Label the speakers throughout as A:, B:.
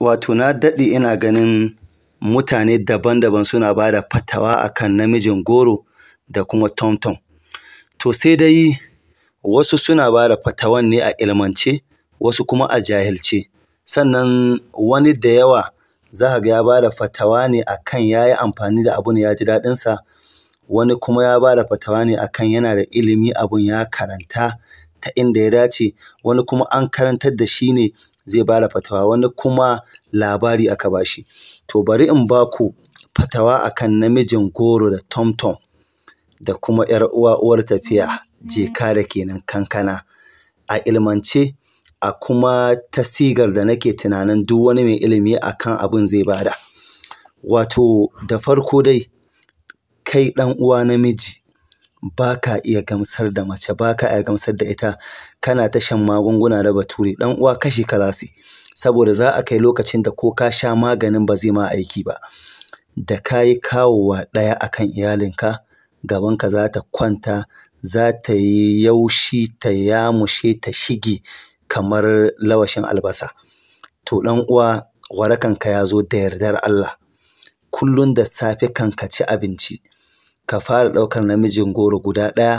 A: wato na daɗe ina ganin mutane daban-daban suna ba da fatawa a kan namijin goro da kuma tomtom. To sai dai wasu suna ba da fatawan ne a ilmance, wasu kuma a jahilce. Sannan wani da yawa za ga ya ba da fatawa ne a kan ya yi amfani da abun ya ji daɗinsa, wani kuma ya ba da fatawa ne a kan yana da ilimi abun ya karanta ta inda ya dace wani kuma an karantar da shi ne zai ba da fatawa wani kuma labari aka ba shi to bari in ba ku fatawa a kan namijin goro da tomtom da kuma ‘yar uwa uwar tafiya jeka da kenan kankana a ilmance a kuma tasigar sigar da nake tunanin duk wani mai ilimi a kan abin zai bada wato da farko dai kai ɗan uwa namiji ba ka iya gamsar da mace ba ka iya gamsar da ita kana ta shan magunguna da bature dan uwa kashi kalasi saboda za a kai lokacin da ko ka sha maganin ba zai ma aiki ba da ka yi kawowa ɗaya a akan iyalinka gabanka za ta kwanta za ta yi yaushi ta yamushe ta shige kamar lawashin albasa to ɗan uwa warakanka ya zo da yardar Allah kullum da safe kan ka ci abinci ka fara ɗaukar namijin goro guda ɗaya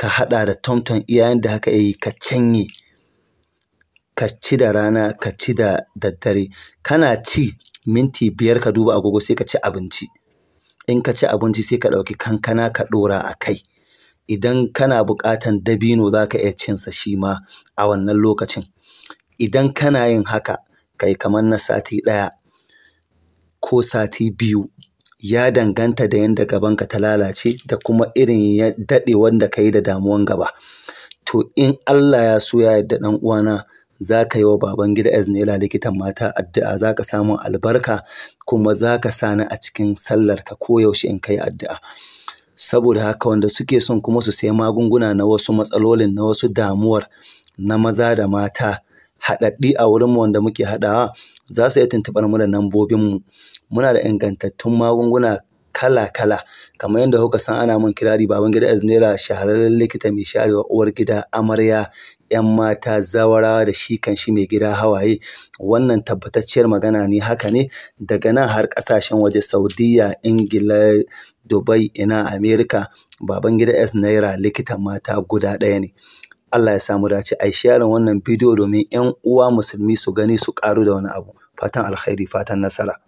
A: ka haɗa da tomtom iya yadda haka yi ka canye ka ci da rana ka ci da daddare kana ci minti biyar ka duba agogo sai ka ci abinci in ka ci abinci sai ka ɗauki kankana ka ɗora a kai idan kana buƙatan dabino za ka iya cinsa shi ma a wannan lokacin idan kana yin haka kai kamar na sati ɗaya ko sati biyu ya danganta da yadda gabanka ta lalace da kuma irin daɗe wanda ka yi da damuwan gaba. To in Allah ya so ya yarda ɗan uwana za ka yi wa Babangida Eznela likitan mata addu'a za ka samu albarka kuma za ka sani a cikin sallar ka koyaushe in ka yi addu'a. Saboda haka wanda suke son kuma su sai magunguna na wasu matsalolin na wasu damuwar na maza da mata haɗaɗɗi a wurinmu wanda muke haɗawa za su iya tuntuɓar mu da mu Muna da ingantattun magunguna kala-kala kamar yadda kuka san ana min kirari Babangida S Naira shahararren likita mai sharewa uwar gida amarya ‘yan mata zawarawa da shi kan shi mai gida hawaye wannan tabbatacciyar magana ne haka ne daga nan har ƙasashen waje Saudiya, Ingila, Dubai ina Amerika Babangida S Naira likitan mata guda ɗaya ne. Allah ya samu dace ai share wannan bidiyo domin 'yan uwa musulmi su gani su ƙaru da wani abu fatan alkhairi fatan nasara